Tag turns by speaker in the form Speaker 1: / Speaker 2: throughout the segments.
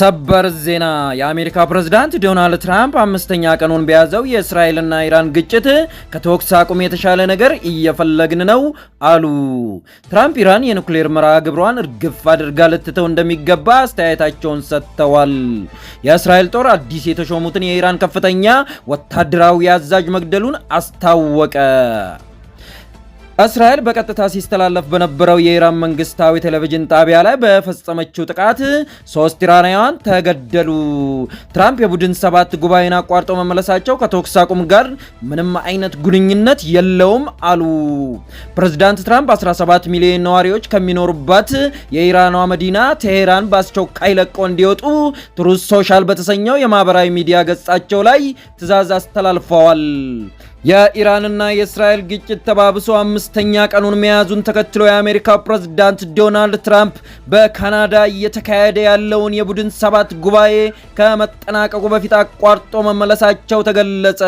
Speaker 1: ሰበር ዜና የአሜሪካ ፕሬዝዳንት ዶናልድ ትራምፕ አምስተኛ ቀኑን በያዘው የእስራኤልና ኢራን ግጭት ከተኩስ አቁም የተሻለ ነገር እየፈለግን ነው አሉ። ትራምፕ ኢራን የኑክሌር መርሃ ግብሯን እርግፍ አድርጋ ልትተው እንደሚገባ አስተያየታቸውን ሰጥተዋል። የእስራኤል ጦር አዲስ የተሾሙትን የኢራን ከፍተኛ ወታደራዊ አዛዥ መግደሉን አስታወቀ። እስራኤል በቀጥታ ሲስተላለፍ በነበረው የኢራን መንግስታዊ ቴሌቪዥን ጣቢያ ላይ በፈጸመችው ጥቃት ሶስት ኢራናውያን ተገደሉ። ትራምፕ የቡድን ሰባት ጉባኤን አቋርጠው መመለሳቸው ከተኩስ አቁም ጋር ምንም አይነት ግንኙነት የለውም አሉ። ፕሬዚዳንት ትራምፕ 17 ሚሊዮን ነዋሪዎች ከሚኖሩባት የኢራኗ መዲና ቴሄራን በአስቸኳይ ለቀው እንዲወጡ ትሩስ ሶሻል በተሰኘው የማህበራዊ ሚዲያ ገጻቸው ላይ ትዕዛዝ አስተላልፈዋል። የኢራንና የእስራኤል ግጭት ተባብሶ አምስተኛ ቀኑን መያዙን ተከትሎ የአሜሪካ ፕሬዝዳንት ዶናልድ ትራምፕ በካናዳ እየተካሄደ ያለውን የቡድን ሰባት ጉባኤ ከመጠናቀቁ በፊት አቋርጦ መመለሳቸው ተገለጸ።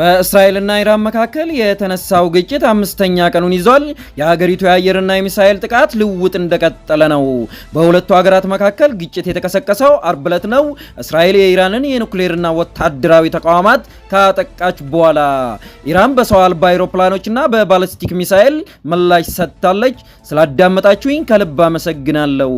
Speaker 1: በእስራኤልና ኢራን መካከል የተነሳው ግጭት አምስተኛ ቀኑን ይዟል። የሀገሪቱ የአየርና የሚሳኤል ጥቃት ልውውጥ እንደቀጠለ ነው። በሁለቱ ሀገራት መካከል ግጭት የተቀሰቀሰው አርብ ዕለት ነው። እስራኤል የኢራንን የኑክሌርና ወታደራዊ ተቋማት ካጠቃች በኋላ ኢራን በሰው አልባ አይሮፕላኖችና በባለስቲክ ሚሳኤል ምላሽ ሰጥታለች። ስላዳመጣችሁኝ ከልብ አመሰግናለሁ።